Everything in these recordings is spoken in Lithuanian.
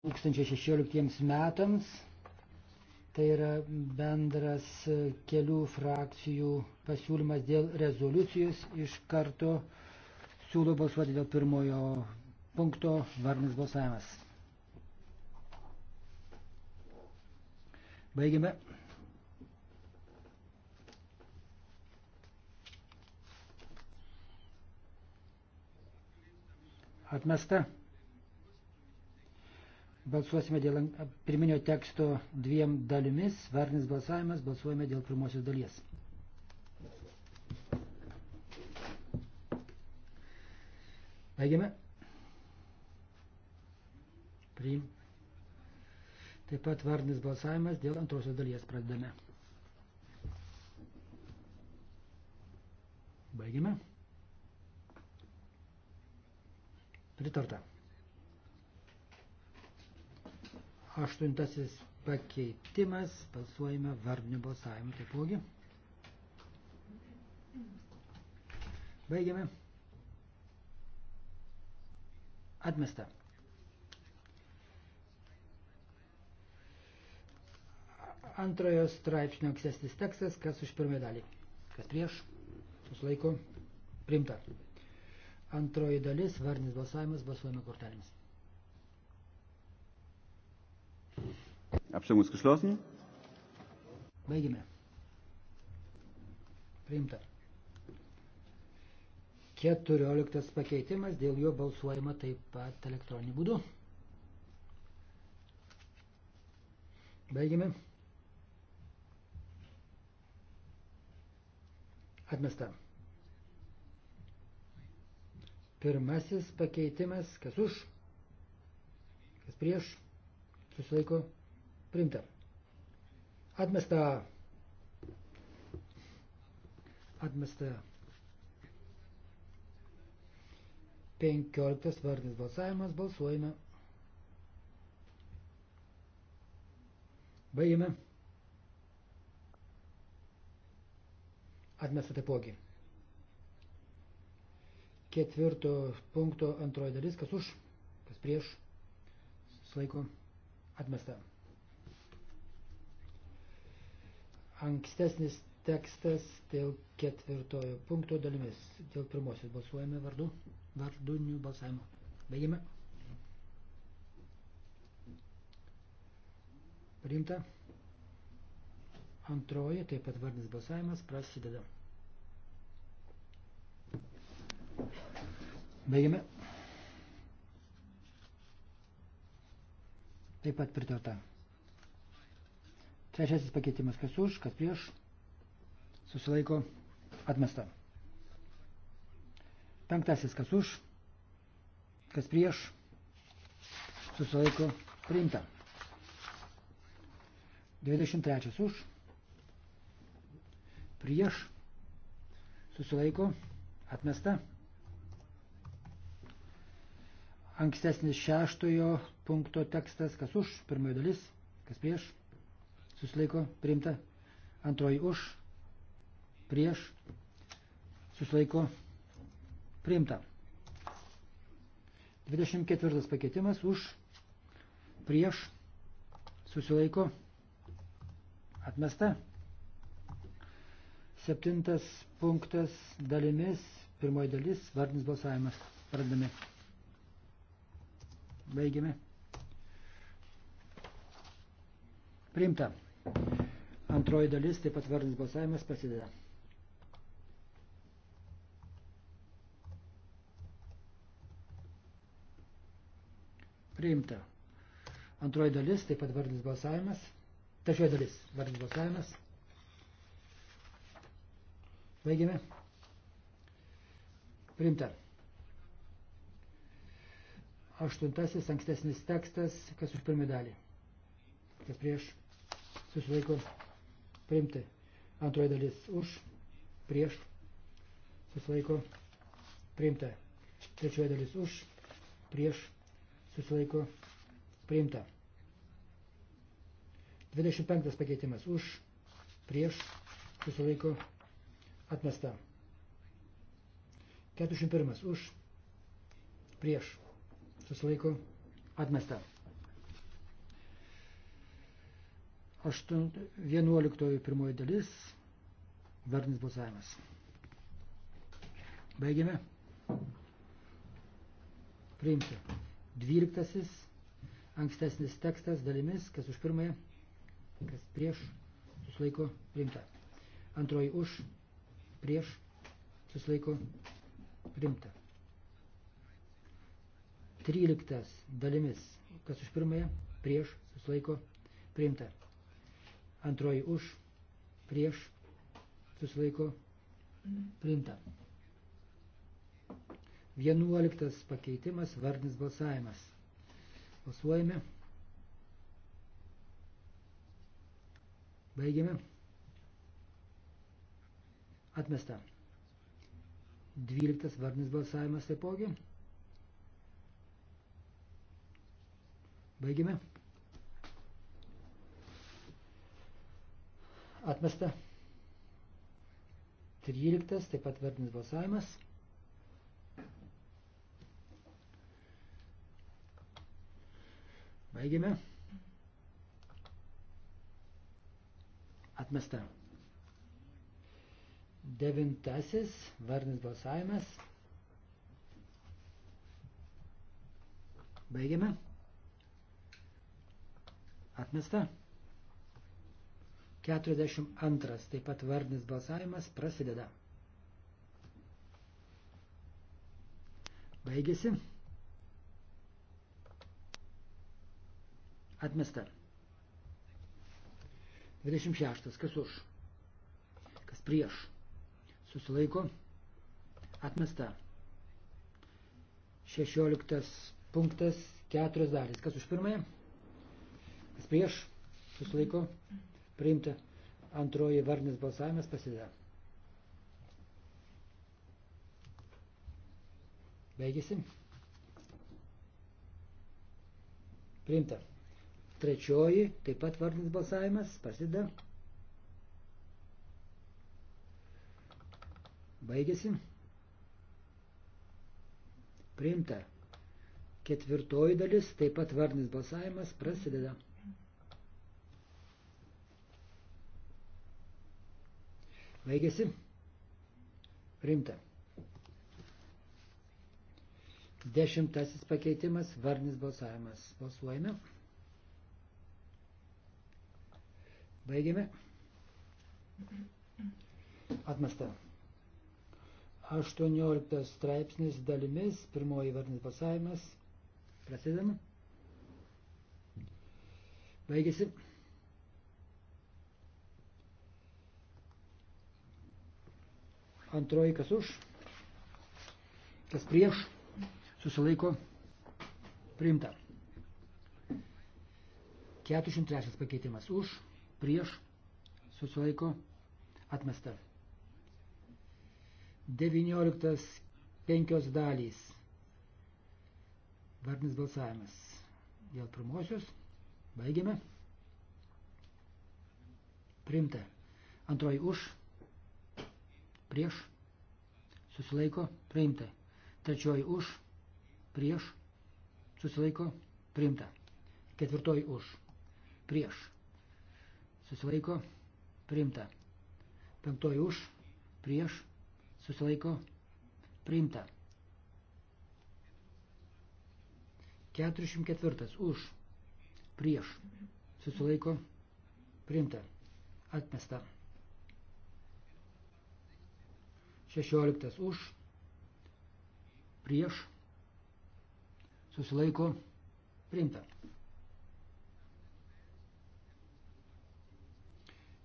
2016 metams. Tai yra bendras kelių frakcijų pasiūlymas dėl rezoliucijos. Iš karto siūlau balsuoti dėl pirmojo punkto varnis balsavimas. Baigiame. Atmesta. Balsuosime dėl pirminio teksto dviem dalimis. Varnis balsavimas. Balsuojame dėl pirmosios dalies. Baigiame. Priim. Taip pat vardinis balsavimas dėl antrosios dalies pradedame. Baigiame. Pritarta. Aštuntasis pakeitimas, balsuojame vardiniu balsavimu taipogi. Baigiame. Atmesta. Antrojo straipsnio aksesnis tekstas, kas už pirmąją dalį. Kas prieš, susilaiko, primta. Antroji dalis, varnis balsavimas, balsuojame kortelėmis. Apšimus išklausim. Baigime. Priimta. 14 pakeitimas, dėl jo balsuojama taip pat elektroniniu būdu. Baigime. Atmesta. Pirmasis pakeitimas, kas už, kas prieš, susilaiko, Primta. Atmesta. Atmesta. 15 vardinis balsavimas. Balsuojame. Baigime. Atmesta taipogi. Ketvirto punkto antroji dalis. Kas už? Kas prieš? Slaiko. Atmesta. ankstesnis tekstas dėl ketvirtojo punkto dalimis. Dėl pirmosios balsuojame vardu, vardunių balsavimo. Baigime. Priimta. Antroji, taip pat vardinis balsavimas, prasideda. Baigime. Taip pat pritarta. Trečiasis pakeitimas, kas už, kas prieš, susilaiko, atmesta. Penktasis, kas už, kas prieš, susilaiko, priimta. 23 už, prieš, susilaiko, atmesta. Ankstesnis šeštojo punkto tekstas, kas už, pirmoji dalis, kas prieš, susilaiko priimta, antroji už, prieš, susilaiko priimta. 24 pakeitimas už, prieš, susilaiko atmesta. Septintas punktas dalimis, pirmoji dalis, vardinis balsavimas. Pradame. Baigiame. Priimta. Antroji dalis, taip pat vardinis balsavimas prasideda. Priimta. Antroji dalis, taip pat vardinis balsavimas. Trečioji dalis, vardinis balsavimas. Baigėme. Priimta. Aštuntasis ankstesnis tekstas, kas už pirmį dalį. Kas prieš susilaiko priimti. Antroji dalis už, prieš, susilaiko priimta. Trečioji dalis už, prieš, susilaiko priimta. 25 pakeitimas už, prieš, susilaiko atmesta. 41 už, prieš, susilaiko atmesta. 11 pirmoji dalis, vardinis balsavimas. Baigiame. Priimti. Dvyliktasis, ankstesnis tekstas dalimis, kas už pirmąją, kas prieš, susilaiko, priimta. Antroji už, prieš, susilaiko, priimta. Tryliktas dalimis, kas už pirmąją, prieš, susilaiko, priimta Antroji už, prieš, susilaiko, priimta. Vienuoliktas pakeitimas, vardinis balsavimas. Balsuojame. Baigiame. Atmesta. Dvyliktas vardinis balsavimas taipogi. Baigiame. atmesta. 13, taip pat vardinis balsavimas. Baigiame. Atmesta. Devintasis vardinis balsavimas. Baigiame. Atmesta. 42. Taip pat vardinis balsavimas prasideda. Baigėsi. Atmesta. 26. Kas už? Kas prieš? Susilaiko. Atmesta. 16. Punktas 4 dalis. Kas už pirmąją? Kas prieš? Susilaiko. Mm -hmm priimta. Antroji vardinis balsavimas pasideda. Baigėsi. Priimta. Trečioji, taip pat vardinis balsavimas, pasideda. Baigėsi. Priimta. Ketvirtoji dalis, taip pat vardinis balsavimas, prasideda. Baigėsi? Rimta. Dešimtasis pakeitimas, varnis balsavimas. Balsuojame. Baigėme. Atmesta. 18 straipsnis dalimis, pirmoji varnis balsavimas. Prasidame. Baigėsi. Antroji, kas už, kas prieš, susilaiko priimta. 403 pakeitimas už, prieš, susilaiko atmesta. 19 penkios dalys. Vardinis balsavimas. Dėl pirmosios. Baigiame. Primta. Antroji už. Prieš susilaiko, priimta. Trečioji už, prieš, susilaiko, priimta. Ketvirtoji už, prieš, susilaiko, priimta. Penktoji už, prieš, susilaiko, priimta. 44 už, prieš, susilaiko, priimta, atmesta. 16 už, prieš, susilaiko, priimta.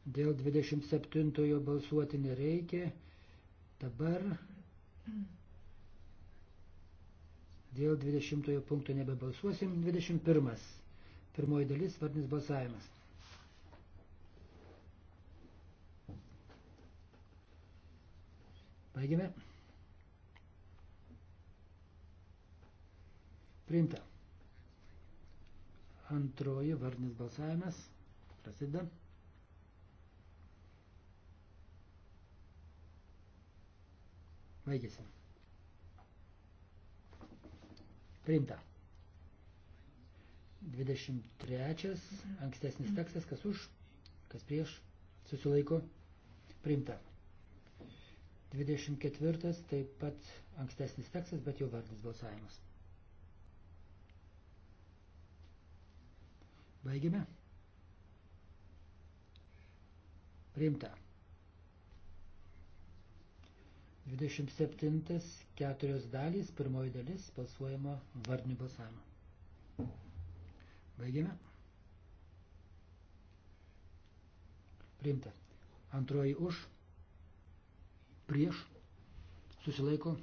Dėl 27 balsuoti nereikia. Dabar dėl 20 punkto nebebalsuosim. 21. Pirmoji dalis, vardinis balsavimas. Baigime. Priimta. Antroji vardinis balsavimas. Prasideda. Baigėsi. Priimta. 23. Ankstesnis tekstas, kas už, kas prieš, susilaiko. Priimta. 24 taip pat ankstesnis tekstas, bet jau vardinis balsavimas. Baigime. Priimta. 27. Keturios dalys, pirmoji dalis, balsuojama vardiniu balsavimu. Baigime. Priimta. Antroji už prieš, susilaiko,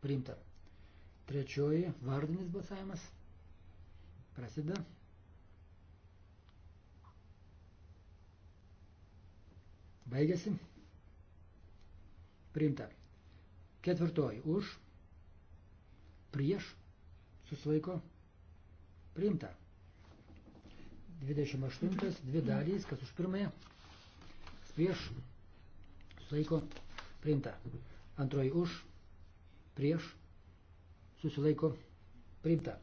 priimta. Trečioji vardinis balsavimas prasideda. Baigėsi. Priimta. Ketvirtoji už, prieš, susilaiko, priimta. 28, dvi dalys, kas už pirmąją, prieš, susilaiko, priimta priimta. Antroji už, prieš, susilaiko, priimta.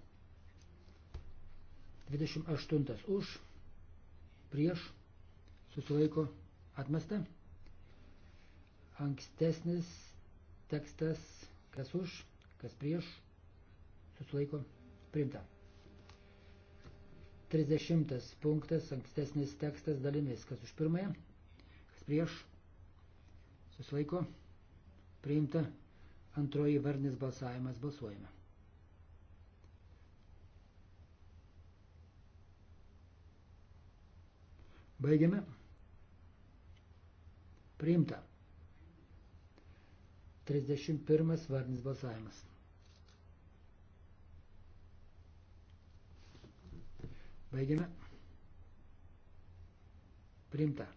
28 už, prieš, susilaiko, atmesta. Ankstesnis tekstas, kas už, kas prieš, susilaiko, priimta. 30 punktas, ankstesnis tekstas dalimis, kas už pirmąją, kas prieš, Susilaiko. Priimta. Antroji vardinis balsavimas. Balsuojame. Baigiame. Priimta. 31 vardinis balsavimas. Baigiame. Priimta.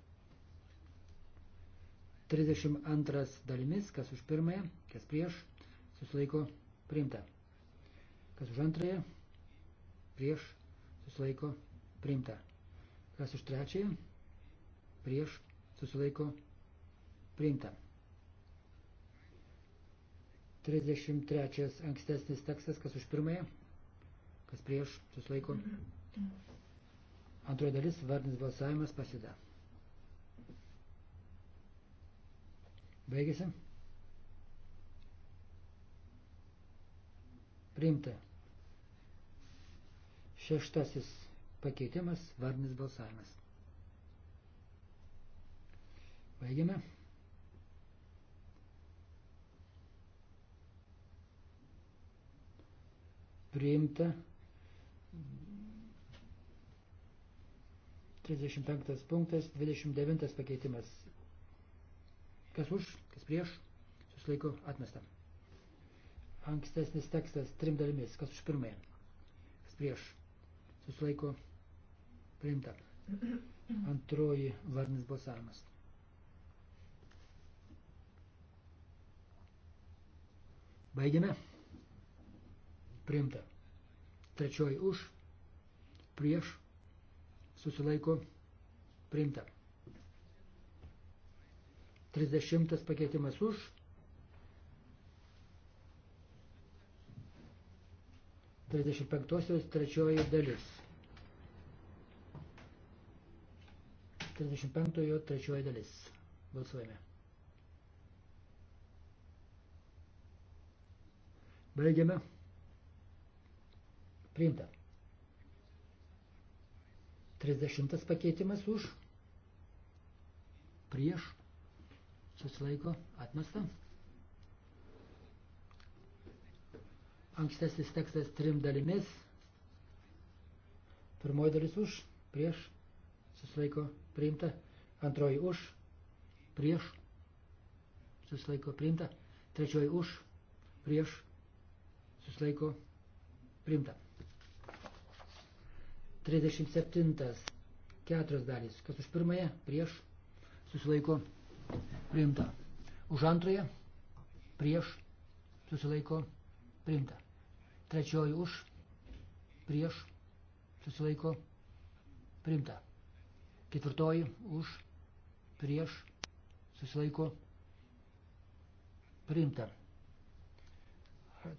32 dalimis, kas už pirmąją, kas prieš, susilaiko priimta. Kas už antrąją, prieš, susilaiko priimta. Kas už trečiąją, prieš, susilaiko priimta. 33 ankstesnis tekstas, kas už pirmąją, kas prieš, susilaiko. Mhm. Antroji dalis, vardinis balsavimas pasida. Baigėsi. Priimta. Šeštasis pakeitimas, vardinis balsavimas. Baigėme. Priimta. 35 punktas, 29 pakeitimas, Kas už, kas prieš, susilaiko atmesta. Ankstesnis tekstas trim dalimis. Kas už pirmąją, kas prieš, susilaiko priimta. Antroji varnis balsavimas. Baigiame. Priimta. Trečioji už, prieš, susilaiko priimta. 30 pakeitimas už. Trisdešimt penktosios trečioji dalis. Trisdešimt penktojo trečioji dalis. Balsuojame. Baigiame. Priimta. 30 pakeitimas už. Prieš susilaiko atmesta. Ankstesnis tekstas trim dalimis. Pirmoji dalis už, prieš, susilaiko priimta. Antroji už, prieš, susilaiko priimta. Trečioji už, prieš, susilaiko priimta. 37. Keturios dalys. Kas už pirmąją, prieš, susilaiko priimta priimta. Už antrąją, prieš, susilaiko, priimta. Trečioji už, prieš, susilaiko, priimta. Ketvirtoji už, prieš, susilaiko, priimta.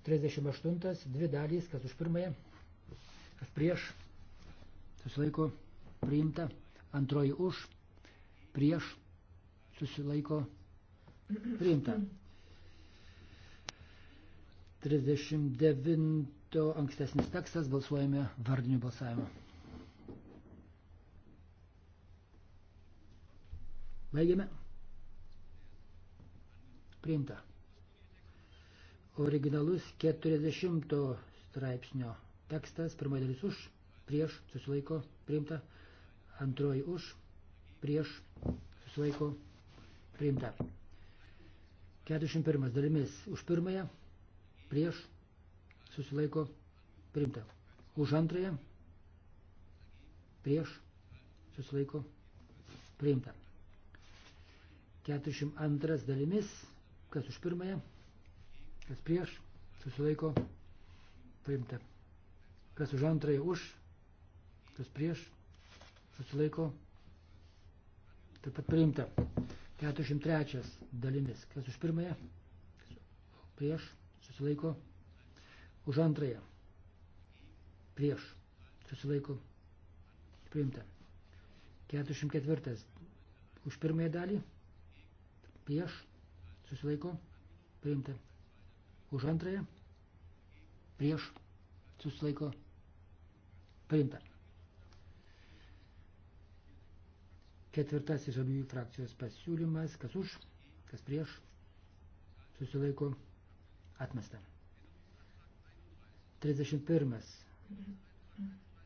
38, dvi dalys, kas už pirmąją, kas prieš, susilaiko, priimta. Antroji už, prieš, susilaiko priimta. 39 ankstesnis tekstas balsuojame vardiniu balsavimu. Baigiame. Priimta. Originalus 40 straipsnio tekstas, pirmoji dalis už, prieš, susilaiko, priimta, antroji už, prieš, susilaiko, priimta priimta. 41 dalimis už pirmąją, prieš, susilaiko, priimta. Už antrąją, prieš, susilaiko, priimta. 42 dalimis, kas už pirmąją, kas prieš, susilaiko, priimta. Kas už antrąją, už, kas prieš, susilaiko, taip pat priimta. 43 dalimis. Kas už pirmąją? Prieš. Susilaiko. Už antrąją. Prieš. Susilaiko. Priimta. 44. Už pirmąją dalį. Prieš. Susilaiko. Priimta. Už antrąją. Prieš. Susilaiko. Priimta. Ketvirtasis žaliųjų frakcijos pasiūlymas, kas už, kas prieš, susilaiko atmesta. 31.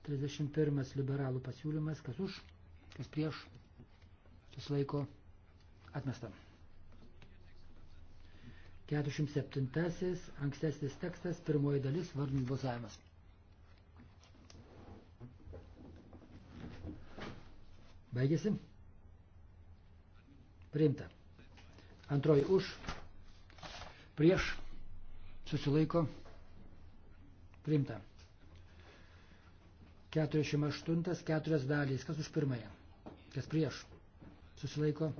31 liberalų pasiūlymas, kas už, kas prieš, susilaiko atmesta. 47. Ankstesnis tekstas, pirmoji dalis, vardinis balsavimas. Baigėsi priimta. Antroji už, prieš, susilaiko, priimta. 48, keturias dalys, kas už pirmąją, kas prieš, susilaiko,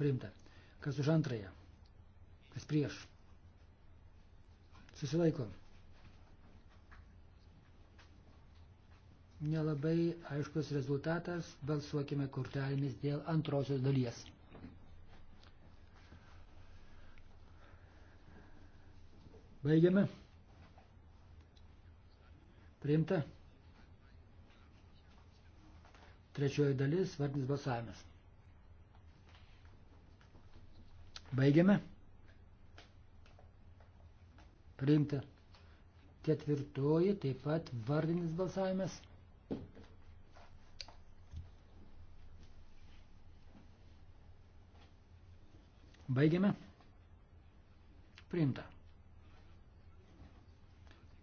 priimta. Kas už antrąją, kas prieš, susilaiko. Nelabai aiškus rezultatas, balsuokime kortelėmis dėl antrosios dalies. Baigiame. Priimta. Trečioji dalis, vardinis balsavimas. Baigiame. Priimta. Ketvirtoji, taip pat vardinis balsavimas. Baigiame. Priimta.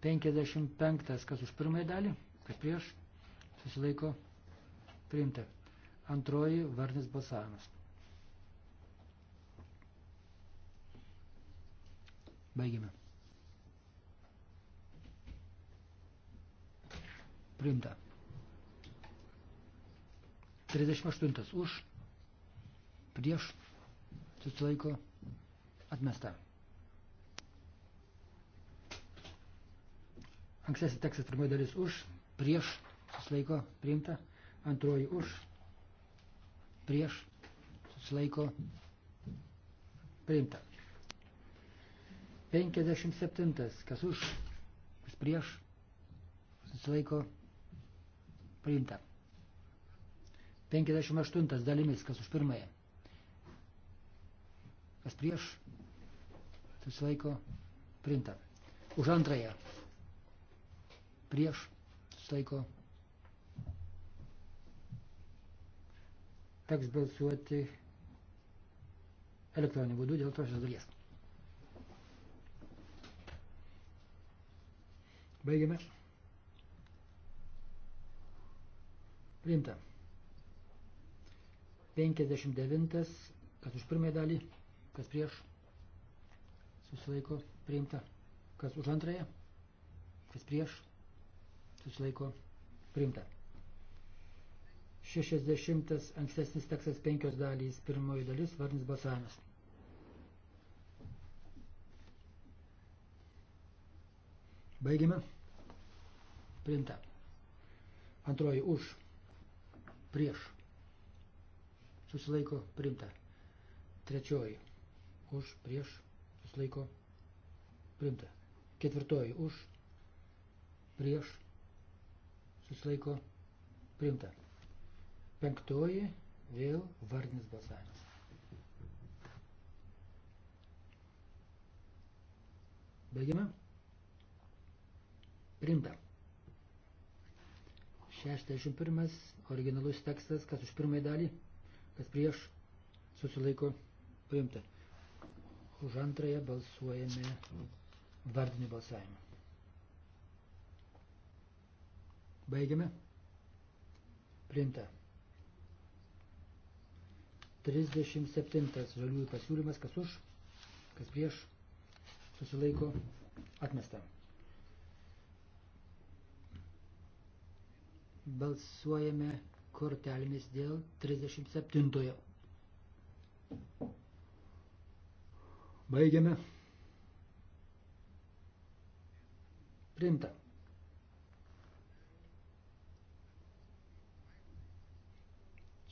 55, kas už pirmąją dalį, kas prieš, susilaiko priimta. Antroji vardinis balsavimas. Baigime. Priimta. 38 už, prieš, susilaiko, atmesta. Ankstesnis tekstas pirmoji dalis už, prieš, susilaiko, priimta. Antroji už, prieš, susilaiko, priimta. 57. Kas už, kas prieš, susilaiko, priimta. 58 dalimis, kas už pirmąją. Kas prieš, susilaiko, priimta. Už antrąją, prieš staiko. Teks balsuoti elektroniniu būdu dėl tosios dalies. Baigiame. Priimta. 59, kas už pirmąją dalį, kas prieš, susilaiko, priimta, kas už antrąją, kas prieš, susilaiko priimta. 60 ankstesnis tekstas 5 dalys, pirmoji dalis, varnis balsavimas. Baigiame. Priimta. Antroji už. Prieš. Susilaiko priimta. Trečioji. Už, prieš. Susilaiko priimta. Ketvirtoji. Už. Prieš susilaiko priimta. Penktoji vėl vardinis balsavimas. Baigiame. Priimta. 61 originalus tekstas, kas už pirmąjį dalį, kas prieš susilaiko priimta. Už antrąją balsuojame vardiniu balsavimu. Baigiame. Priimta. 37 žaliųjų pasiūlymas, kas už, kas prieš, susilaiko, atmesta. Balsuojame kortelėmis dėl 37. Baigiame. Priimta.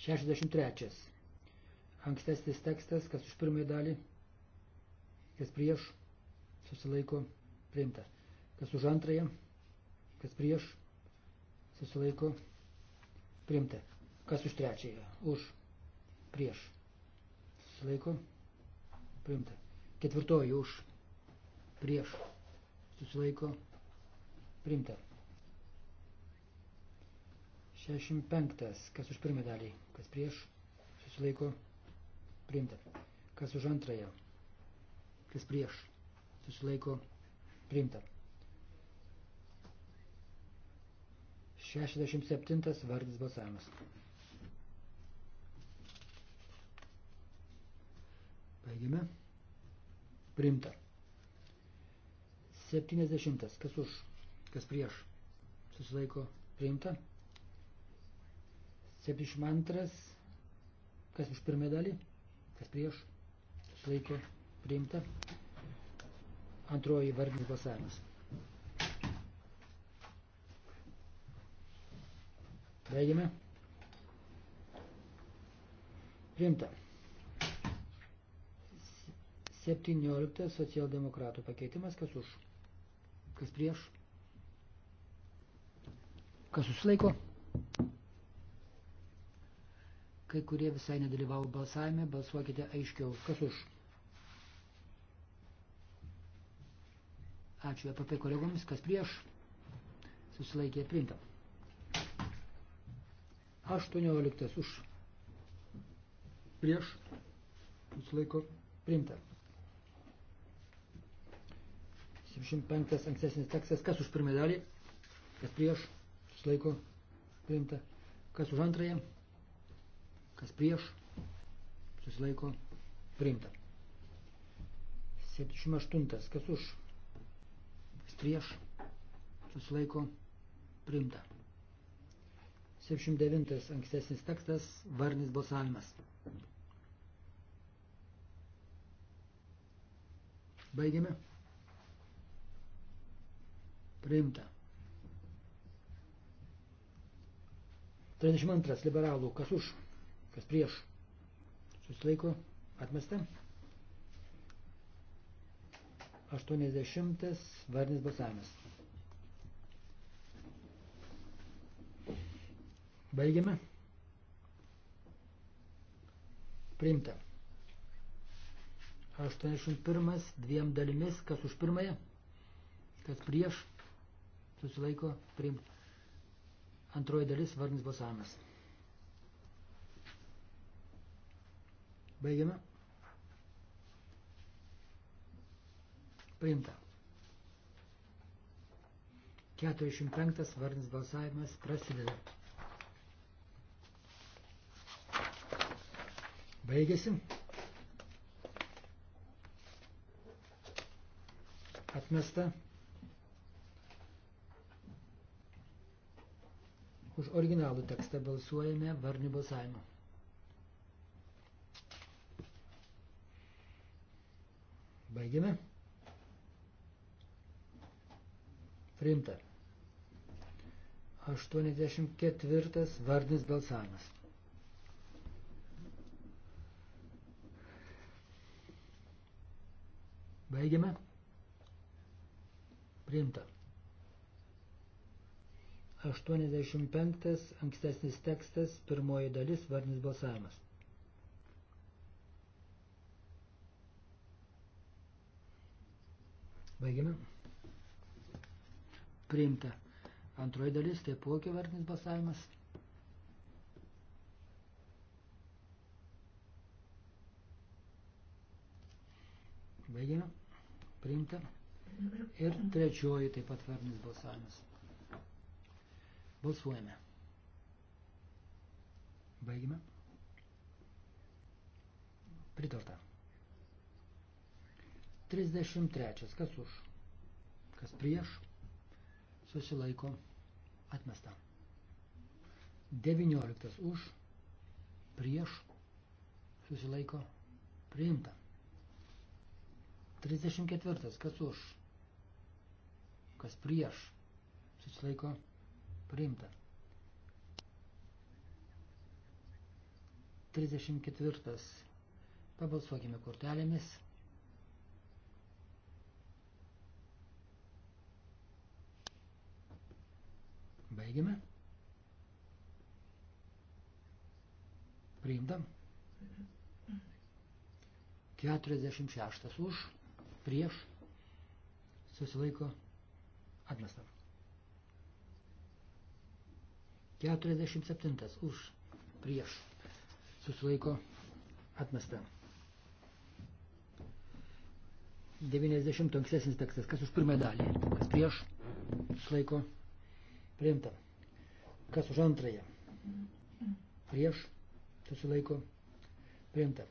63. Ankstesnis tekstas, kas už pirmąjį dalį, kas prieš, susilaiko priimta. Kas už antrąją, kas prieš, susilaiko priimta. Kas už trečiąją, už, prieš, susilaiko priimta. Ketvirtoji už, prieš, susilaiko priimta. 65. Kas už pirmą dalį, kas prieš, susilaiko priimta. Kas už antrąją, kas prieš, susilaiko priimta. 67. Vardys balsavimas. Baigiame. Priimta. 70. Kas už, kas prieš, susilaiko priimta. 72, kas už pirmąją dalį, kas prieš, sulaikė priimta. Antroji vardinis balsavimas. Baigiame. Priimta. 17 socialdemokratų pakeitimas, kas už, kas prieš, kas susilaiko. Kai kurie visai nedalyvavo balsavime, balsuokite aiškiau. Kas už? Ačiū EPP kolegoms, kas prieš. Susilaikė priimta. 18 už. Prieš. Susilaiko priimta. 75 ankstesnis tekstas. Kas už pirmąją dalį? Kas prieš? Susilaiko priimta. Kas už antrąją? Kas prieš? Susilaiko. Priimta. 78. Kas už? Kas prieš? Susilaiko. Priimta. 79. Ankstesnis tekstas. Varnis balsavimas. Baigiame. Priimta. 32. Liberalų. Kas už? kas prieš, susilaiko, atmesta. 80 varnis balsavimas. Baigiame. Priimta. 81 dviem dalimis, kas už pirmąją, kas prieš, susilaiko priimta. Antroji dalis varnis balsavimas. Baigiame. Priimta. 45 vardinis balsavimas prasideda. Baigėsi. Atmesta. Už originalų tekstą balsuojame varnių balsavimu. Baigiame. Priimta. 84 vardinis balsavimas. Baigiame. Priimta. 85 ankstesnis tekstas, pirmoji dalis, vardinis balsavimas. Baigime. Priimta. Antroji dalis, tai puokio vardinis balsavimas. Baigime. Priimta. Ir trečioji taip pat vardinis balsavimas. Balsuojame. Baigime. Pritarta. 33. Kas už? Kas prieš? Susilaiko. Atmesta. 19. Už. Prieš. Susilaiko. Priimta. 34. Kas už? Kas prieš? Susilaiko. Priimta. 34. Pabalsuokime kortelėmis. Baigiame. Priimta. 46 už, prieš, susilaiko, atmesta. 47 už, prieš, susilaiko, atmesta. 90 ankstesnis tekstas, kas už pirmąją dalį, kas prieš, susilaiko, atmesta Priimta. Kas už antrąją? Prieš. Susilaiko. Priimta.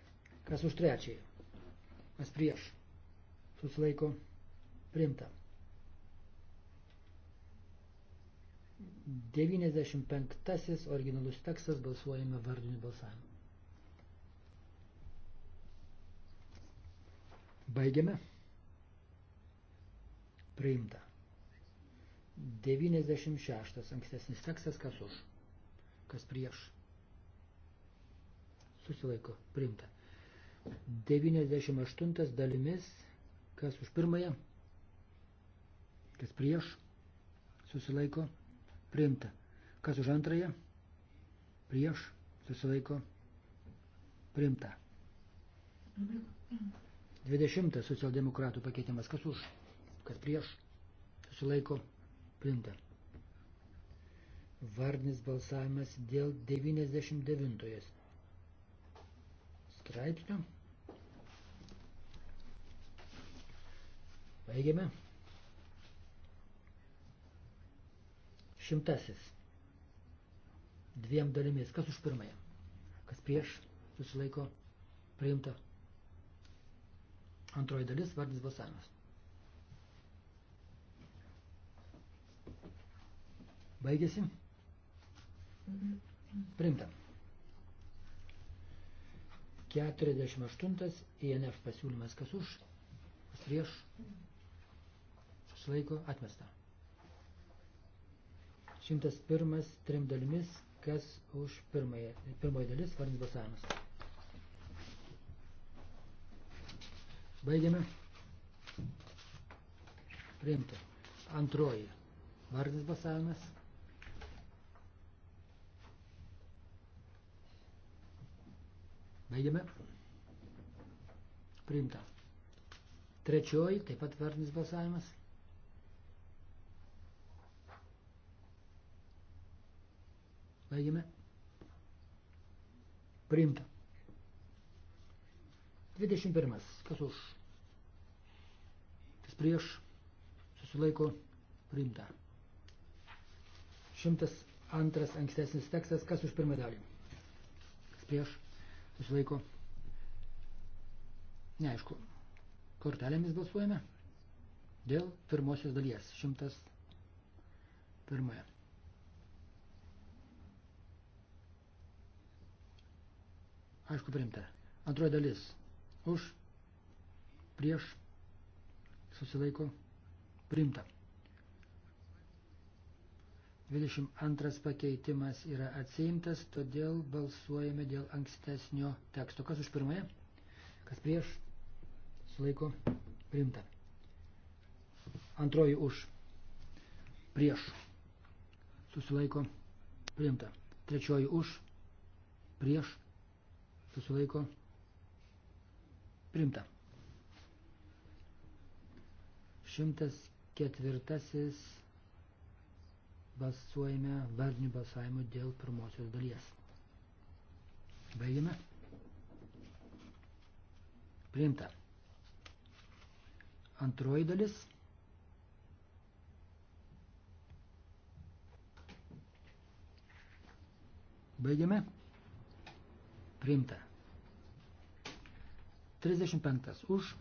Kas už trečiąją? Kas prieš? Susilaiko. Priimta. 95 originalus tekstas balsuojame vardiniu balsavimu. Baigiame. Priimta. 96 ankstesnis tekstas, kas už, kas prieš. Susilaiko, primta. 98 dalimis, kas už pirmąją, kas prieš, susilaiko, primta. Kas už antrąją, prieš, susilaiko, primta. 20 socialdemokratų pakeitimas, kas už, kas prieš, susilaiko, primta Priimta. Vardinis balsavimas dėl 99 straipsnio. Baigiame. Šimtasis. Dviem dalimis. Kas už pirmąją? Kas prieš? Susilaiko. Priimta. Antroji dalis vardinis balsavimas. Baigėsi? Primta. 48 INF pasiūlymas kas už, kas prieš, susilaiko atmesta. 101 trim dalimis, kas už pirmąją, pirmoji dalis, varnis balsavimas. Baigiame. Priimta. Antroji. Vardinis balsavimas. Baigiame. Priimta. Trečioji, taip pat vardinis balsavimas. Baigiame. Priimta. 21. Kas už? Kas prieš? Susilaiko. Priimta. 102. Ankstesnis tekstas. Kas už pirmą dalį? Kas prieš? susilaiko. Neaišku, kortelėmis balsuojame dėl pirmosios dalies, šimtas pirmoje. Aišku, primta. Antroji dalis. Už, prieš, susilaiko, primta. 22 pakeitimas yra atsiimtas, todėl balsuojame dėl ankstesnio teksto. Kas už pirmąją? Kas prieš? Sulaiko priimta. Antroji už. Prieš. Susilaiko priimta. Trečioji už. Prieš. Susilaiko priimta. 104 balsuojame vardiniu balsavimu dėl pirmosios dalies. Baigiame. Priimta. Antroji dalis. Baigiame. Priimta. 35 už.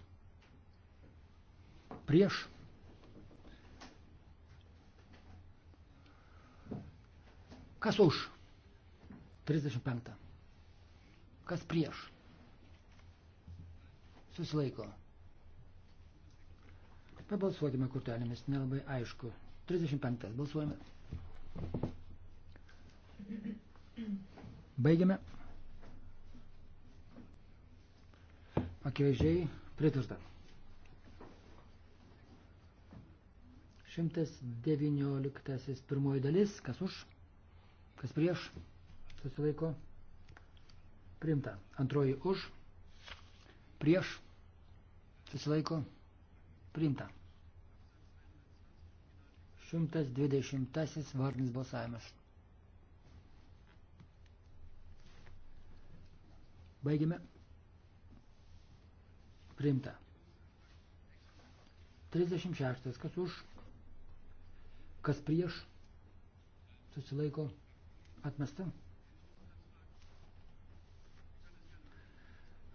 Prieš. Kas už? 35. Kas prieš? Susilaiko. Pabalsuokime kortelėmis, nelabai aišku. 35. Balsuojame. Baigiame. Akivaizdžiai pritarta. 119. Pirmoji dalis. Kas už? Kas prieš? Susilaiko. Primta. Antroji už. Prieš. Susilaiko. Primta. 120 vardinis balsavimas. Baigime. Primta. 36. Kas už? Kas prieš? Susilaiko. Atmesta.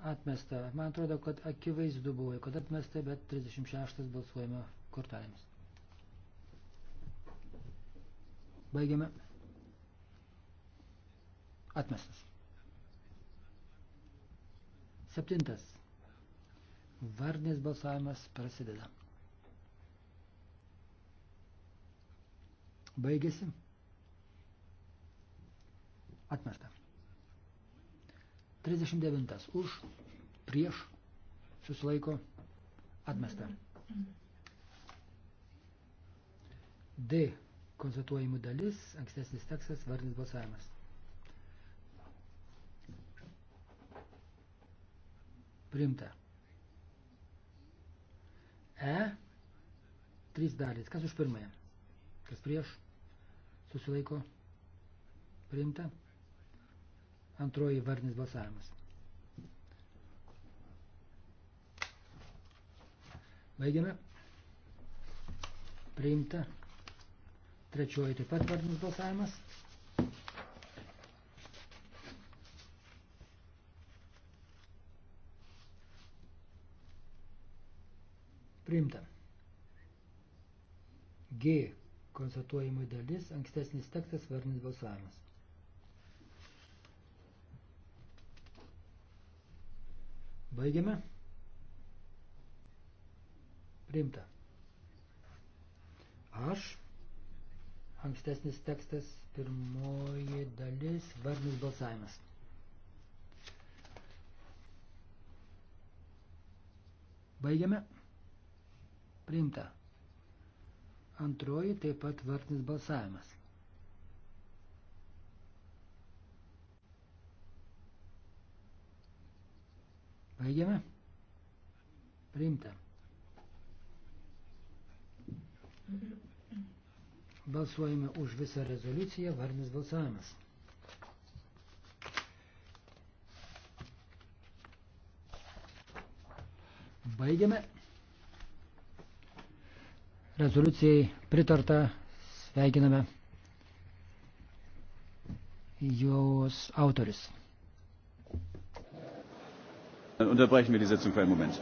Atmesta. Man atrodo, kad akivaizdu buvo, kad atmesta, bet 36 balsuojame kortelėmis. Baigiame. Atmestas. Septintas. Vardinis balsavimas prasideda. Baigėsi. Atmesta. 39. Už, prieš, susilaiko, atmesta. D. Konstatuojimų dalis, ankstesnis tekstas, vardinis balsavimas. Primta. E. Trys dalys. Kas už pirmąją? Kas prieš? Susilaiko. Primta. Primta. Antroji vardinis balsavimas. Baigiame. Priimta. Trečioji taip pat vardinis balsavimas. Priimta. G. Konstatuojimo dalis, ankstesnis tekstas, vardinis balsavimas. Baigiame. Priimta. Aš. Ankstesnis tekstas, pirmoji dalis, vardinis balsavimas. Baigiame. Priimta. Antroji taip pat vardinis balsavimas. Baigiame. Priimta. Balsuojame už visą rezoliuciją, vardinis balsavimas. Baigiame. Rezoliucijai pritarta, sveikiname jos autoris. Unterbrechen wir die Sitzung für einen Moment.